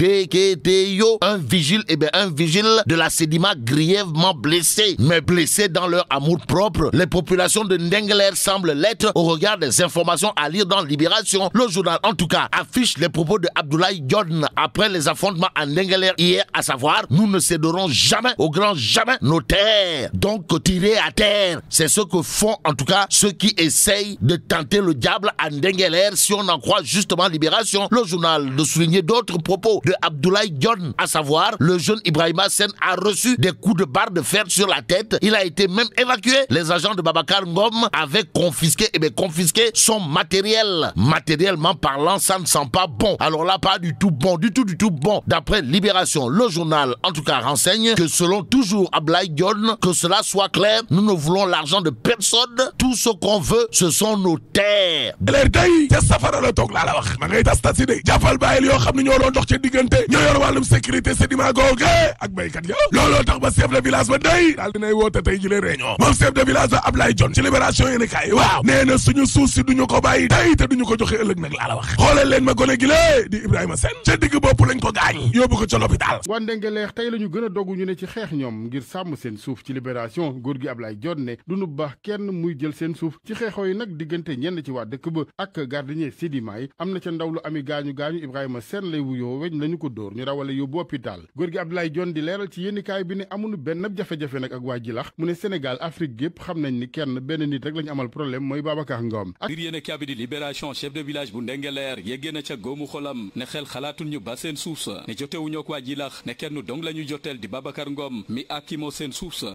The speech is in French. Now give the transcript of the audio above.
yo un vigile, et eh bien un vigile de la Sédima grièvement blessé, mais blessé dans leur amour propre. Les populations de Ndengeler semblent l'être au regard des informations à lire dans Libération. Le journal, en tout cas, affiche les propos de Abdoulaye Yodne... après les affrontements à Ndengeler hier, à savoir, nous ne céderons jamais, au grand jamais, nos terres. Donc, tirer à terre, c'est ce que font, en tout cas, ceux qui essayent de tenter le diable à Ndengeler, si on en croit justement Libération. Le journal de souligner d'autres propos Abdoulaye John, à savoir le jeune Ibrahima Sen a reçu des coups de barre de fer sur la tête. Il a été même évacué. Les agents de Babacar Ngom avaient confisqué, et eh bien confisqué son matériel. Matériellement parlant, ça ne sent pas bon. Alors là, pas du tout bon, du tout, du tout bon. D'après Libération, le journal, en tout cas, renseigne que selon toujours Abdoulaye John, que cela soit clair, nous ne voulons l'argent de personne. Tout ce qu'on veut, ce sont nos terres. diggante ñoo yor wàllum sécurité sédiment googe eh, ak béykat ya looloo tax ba chef de village ba day daal dinay woote tey jile réunion moom chef de village ba Ablaye John ci libération yéen kaay waaw nee na suñu suuf si duñu ko bàyyi day te duñu ko joxe ëllëg nag laa la wax xoolal leen ma gone gile di Ibrahima Sène ca digg bopp lañ ko gaañ yóbbu ko ca l'hôpital wandenge tey la ñu gën a dogu ñu ne ci xeex ñoom ngir sàmm seen suuf ci libération góor gi Ablaye John ne duñu baax kenn muy jël seen suuf ci xeexoo yi nag diggante ñenn ci waa dëkk ba ak gardien sédiment yi am na ca ndaw lu ami gaañu nañu ko dóor ñu rawale yóbbu hôpital góor gi Abdoulaye Dione di leeral ci yéenikaay bi ne amunu benn jafe-jafe nag ak waa Jilax mu ne Sénégal Afrique gépp xam nañ ni kenn benn nit rek lañu amal problème mooy Babacar Ngom ak biir yéene kaabidi libération chef de village bu Ndengeleer yéggee na ca góomu xolam ne xel xalaatul ba seen suuf sa ne jotewuñoo ak waa Jilax ne kenn dong la joteel di Babacar Ngom mi akimoo seen suuf sa